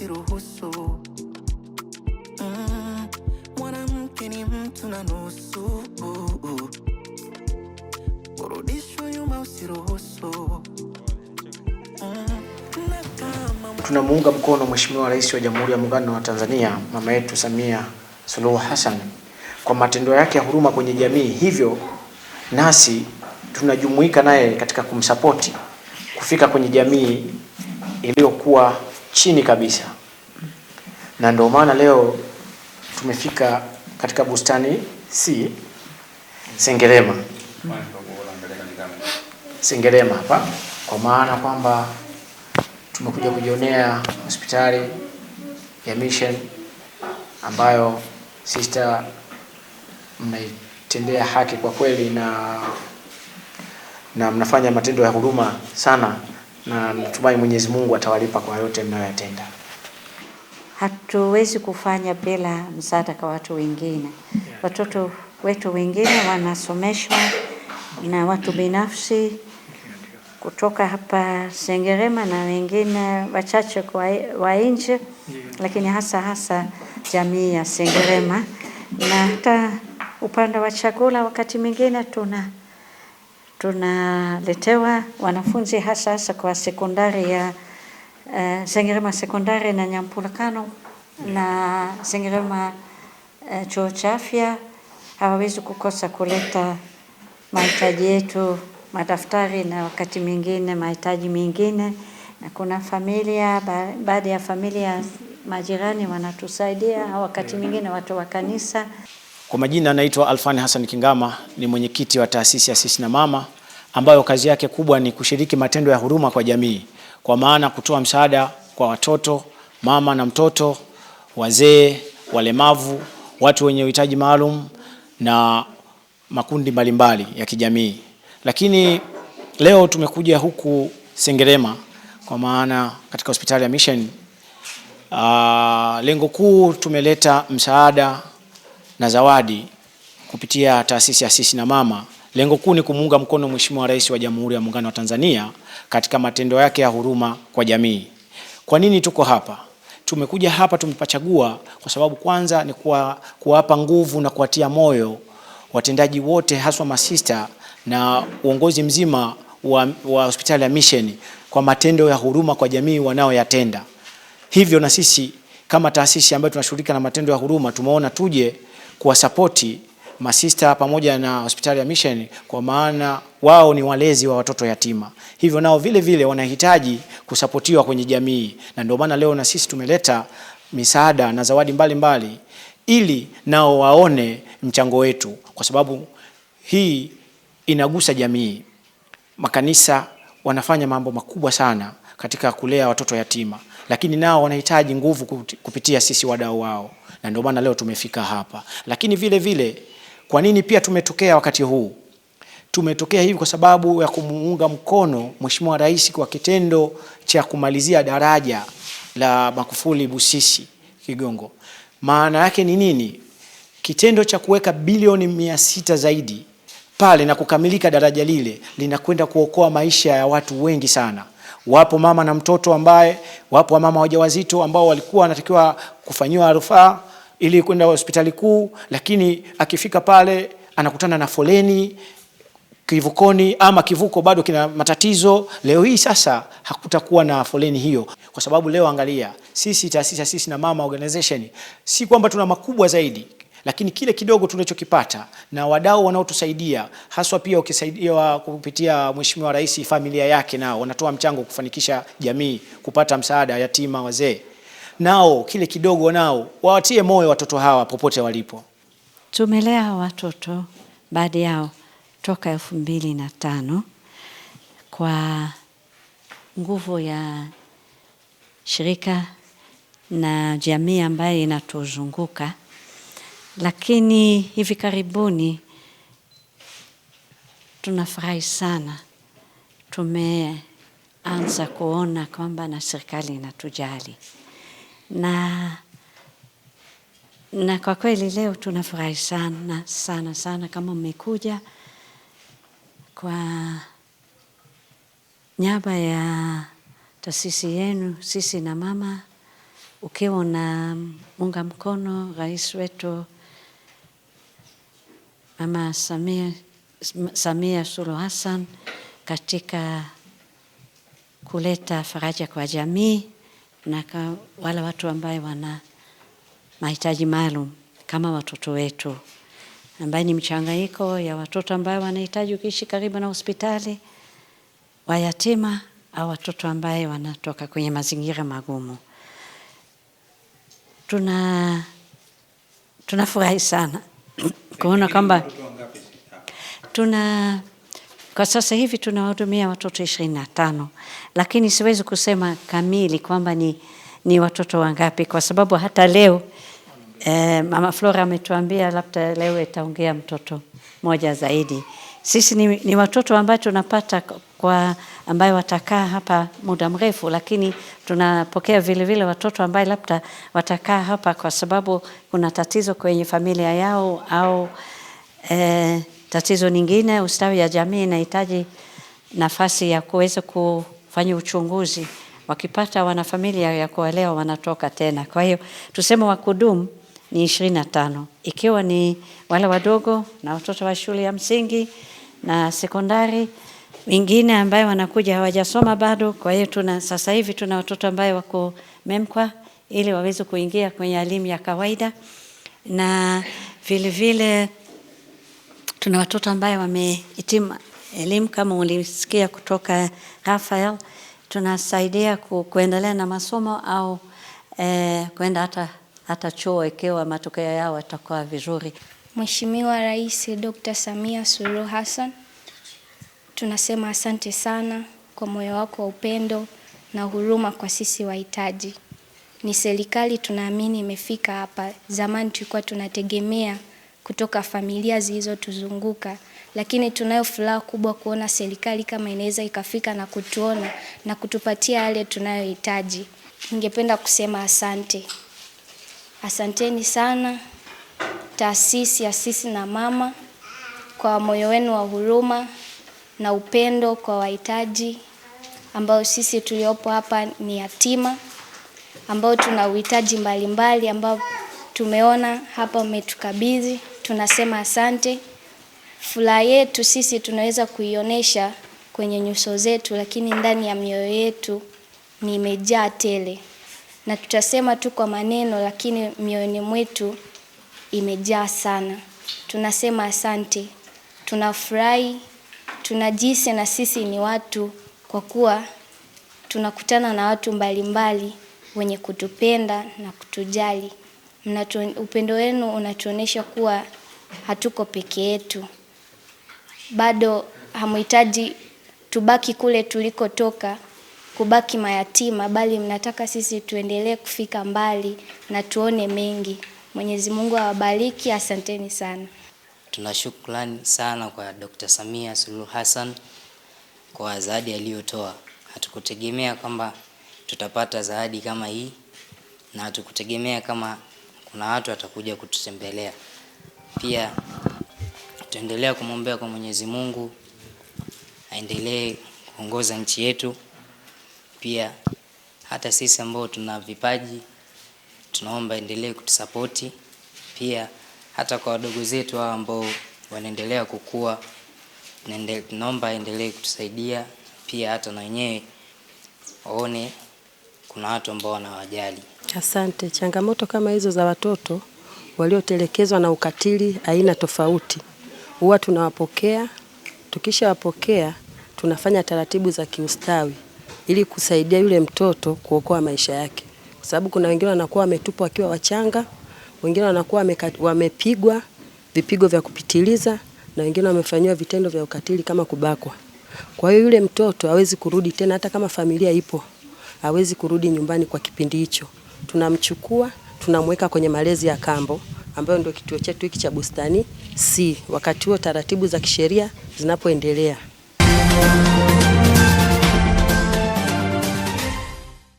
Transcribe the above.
usiruhusu. Mm, mwanamke ni mtu na nusu, kurudishwa nyuma usiruhusu. Mm, Tunamuunga mkono Mheshimiwa Rais wa Jamhuri ya Muungano wa Tanzania mama yetu Samia Suluhu Hassan kwa matendo yake ya huruma kwenye jamii, hivyo nasi tunajumuika naye katika kumsapoti kufika kwenye jamii iliyokuwa chini kabisa na ndio maana leo tumefika katika bustani C Sengerema, Sengerema hapa, kwa maana kwamba tumekuja kujionea hospitali ya Mission ambayo sister mnaitendea haki kwa kweli na na mnafanya matendo ya huruma sana, na natumai Mwenyezi Mungu atawalipa kwa yote mnayoyatenda hatuwezi kufanya bila msaada kwa watu wengine. Watoto wetu wengine wanasomeshwa na watu binafsi kutoka hapa Sengerema na wengine wachache wa nje, lakini hasa hasa jamii ya Sengerema. Na hata upande wa chakula, wakati mwingine tuna tunaletewa wanafunzi hasa hasa kwa sekondari ya Eh, Sengerema sekondari na Nyampulakano na Sengerema uh, eh, chuo cha afya hawawezi kukosa kuleta mahitaji yetu, madaftari na wakati mwingine mahitaji mengine, na kuna familia baadhi ya familia majirani wanatusaidia, au wakati mwingine watu wa kanisa. Kwa majina anaitwa Alfani Hassan Kingama, ni mwenyekiti wa taasisi ya Sisi na Mama ambayo kazi yake kubwa ni kushiriki matendo ya huruma kwa jamii kwa maana kutoa msaada kwa watoto, mama na mtoto, wazee, walemavu, watu wenye uhitaji maalum na makundi mbalimbali ya kijamii. Lakini leo tumekuja huku Sengerema kwa maana katika hospitali ya Mission uh, lengo kuu tumeleta msaada na zawadi kupitia taasisi ya Sisi na Mama Lengo kuu ni kumuunga mkono Mheshimiwa Rais wa Jamhuri ya Muungano wa Tanzania katika matendo yake ya huruma kwa jamii. Kwa nini tuko hapa? Tumekuja hapa tumepachagua kwa sababu kwanza ni kuwapa nguvu na kuwatia moyo watendaji wote haswa masista na uongozi mzima wa, wa hospitali ya Mission kwa matendo ya huruma kwa jamii wanaoyatenda. Hivyo na sisi kama taasisi ambayo tunashughulika na matendo ya huruma tumeona tuje kuwasapoti masista pamoja na hospitali ya Mission, kwa maana wao ni walezi wa watoto yatima, hivyo nao vile vile wanahitaji kusapotiwa kwenye jamii, na ndio maana leo na sisi tumeleta misaada na zawadi mbalimbali mbali, ili nao waone mchango wetu, kwa sababu hii inagusa jamii. Makanisa wanafanya mambo makubwa sana katika kulea watoto yatima, lakini nao wanahitaji nguvu kupitia sisi wadau wao, na ndio maana leo tumefika hapa, lakini vile vile kwa nini pia tumetokea wakati huu? Tumetokea hivi kwa sababu ya kumuunga mkono Mheshimiwa Rais kwa kitendo cha kumalizia daraja la Magufuli Busisi Kigongo. Maana yake ni nini? Kitendo cha kuweka bilioni mia sita zaidi pale na kukamilika daraja lile linakwenda kuokoa maisha ya watu wengi sana. Wapo mama na mtoto ambaye, wapo mama wajawazito ambao walikuwa wanatakiwa kufanyiwa rufaa ili kwenda hospitali kuu, lakini akifika pale anakutana na foleni kivukoni ama kivuko bado kina matatizo. Leo hii sasa hakutakuwa na foleni hiyo, kwa sababu leo angalia, sisi taasisi Sisi na Mama Organization si kwamba tuna makubwa zaidi, lakini kile kidogo tunachokipata na wadau wanaotusaidia haswa, pia ukisaidiwa kupitia Mheshimiwa Rais, familia yake nao wanatoa mchango kufanikisha jamii kupata msaada, yatima, wazee nao kile kidogo nao wawatie moyo watoto hawa popote walipo. Tumelea watoto baadhi yao toka elfu mbili na tano kwa nguvu ya shirika na jamii ambayo inatuzunguka, lakini hivi karibuni tunafurahi sana, tumeanza kuona kwamba na serikali inatujali na na kwa kweli leo tunafurahi sana sana sana kama mmekuja kwa nyaba ya taasisi yenu, sisi na mama, ukiwa na unga mkono rais wetu Mama Samia, Samia sulu Hassan katika kuleta faraja kwa jamii na wale watu ambaye wana mahitaji maalum kama watoto wetu, ambaye ni mchanganyiko ya watoto ambayo wanahitaji kuishi karibu na hospitali, wayatima au watoto ambaye wanatoka kwenye mazingira magumu. Tuna tunafurahi sana kuona kwamba tuna kwa sasa hivi tunawahudumia watoto ishirini na tano, lakini siwezi kusema kamili kwamba ni, ni watoto wangapi kwa sababu hata leo eh, Mama Flora ametuambia labda leo itaongea mtoto moja zaidi. Sisi ni, ni watoto ambayo tunapata kwa ambayo watakaa hapa muda mrefu, lakini tunapokea vile vile watoto ambao labda watakaa hapa kwa sababu kuna tatizo kwenye familia yao au eh, Tatizo nyingine, ustawi ya jamii inahitaji nafasi ya kuweza kufanya uchunguzi, wakipata wanafamilia ya kuwalea, wanatoka tena. Kwa hiyo tuseme wa kudumu ni ishirini na tano ikiwa ni wale wadogo na watoto wa shule ya msingi na sekondari, wengine ambayo wanakuja hawajasoma bado. Kwa hiyo tuna sasa hivi tuna watoto ambayo wako MEMKWA ili waweze kuingia kwenye elimu ya kawaida na vilevile vile, Tuna watoto ambaye wamehitimu elimu kama ulisikia kutoka Rafael, tunasaidia ku, kuendelea na masomo au eh, kwenda hata hata chuo ikiwa matokeo yao yatakuwa vizuri. Mheshimiwa Rais Dr. Samia Suluhu Hassan, tunasema asante sana kwa moyo wako wa upendo na huruma kwa sisi wahitaji. Ni serikali tunaamini imefika hapa. Zamani tulikuwa tunategemea kutoka familia zilizotuzunguka, lakini tunayo furaha kubwa kuona serikali kama inaweza ikafika na kutuona na kutupatia yale tunayohitaji. Ningependa kusema asante, asanteni sana taasisi ya Sisi na Mama kwa moyo wenu wa huruma na upendo kwa wahitaji ambao sisi tuliopo hapa ni yatima ambao tuna uhitaji mbalimbali ambao tumeona hapa umetukabidhi tunasema asante. Furaha yetu sisi tunaweza kuionyesha kwenye nyuso zetu, lakini ndani ya mioyo yetu ni imejaa tele, na tutasema tu kwa maneno, lakini mioyoni mwetu imejaa sana. Tunasema asante, tunafurahi, tunajisi na sisi ni watu, kwa kuwa tunakutana na watu mbalimbali mbali, wenye kutupenda na kutujali. Upendo wenu unatuonyesha kuwa hatuko peke yetu, bado hamhitaji tubaki kule tulikotoka kubaki mayatima, bali mnataka sisi tuendelee kufika mbali na tuone mengi. Mwenyezi Mungu awabariki, asanteni sana. Tuna shukrani sana kwa Dr. Samia Suluhu Hassan kwa zawadi aliyotoa. Hatukutegemea kwamba tutapata zawadi kama hii na hatukutegemea kama kuna watu watakuja kututembelea. Pia tutaendelea kumwombea kwa Mwenyezi Mungu aendelee kuongoza nchi yetu. Pia hata sisi ambao tuna vipaji tunaomba endelee kutusapoti, pia hata kwa wadogo zetu hao ambao wanaendelea kukua, tunaomba endelee kutusaidia, pia hata na wenyewe waone kuna watu ambao wanawajali. Asante. Changamoto kama hizo za watoto waliotelekezwa na ukatili aina tofauti, huwa tunawapokea. Tukishawapokea tunafanya taratibu za kiustawi ili kusaidia yule mtoto kuokoa maisha yake, kwa sababu kuna wengine wanakuwa wametupwa wakiwa wachanga, wengine wanakuwa wamepigwa vipigo vya kupitiliza, na wengine wamefanyiwa vitendo vya ukatili kama kubakwa. Kwa hiyo yule mtoto hawezi kurudi tena, hata kama familia ipo, hawezi kurudi nyumbani kwa kipindi hicho. Tunamchukua, tunamweka kwenye malezi ya kambo ambayo ndio kituo chetu hiki cha Bustani C, wakati huo taratibu za kisheria zinapoendelea.